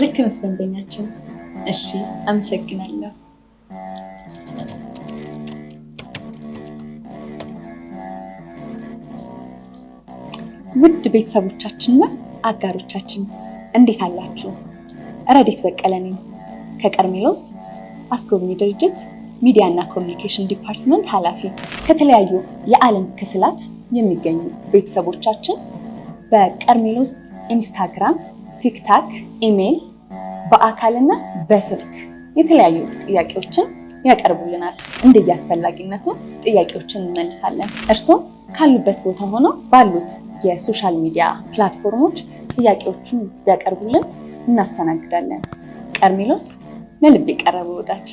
ልክ ነሽ እሺ፣ አመሰግናለሁ። ውድ ቤተሰቦቻችንና አጋሮቻችን እንዴት አላችሁ? ረዴት በቀለ ነኝ ከቀርሜሎስ አስጎብኚ ድርጅት ሚዲያ እና ኮሚኒኬሽን ዲፓርትመንት ኃላፊ። ከተለያዩ የዓለም ክፍላት የሚገኙ ቤተሰቦቻችን በቀርሜሎስ ኢንስታግራም ቲክታክ፣ ኢሜይል፣ በአካልና በስልክ የተለያዩ ጥያቄዎችን ያቀርቡልናል። እንደየአስፈላጊነቱ ጥያቄዎችን እንመልሳለን። እርስዎም ካሉበት ቦታ ሆነው ባሉት የሶሻል ሚዲያ ፕላትፎርሞች ጥያቄዎችን ቢያቀርቡልን እናስተናግዳለን። ቀርሜሎስ ለልብ የቀረበ ወዳጅ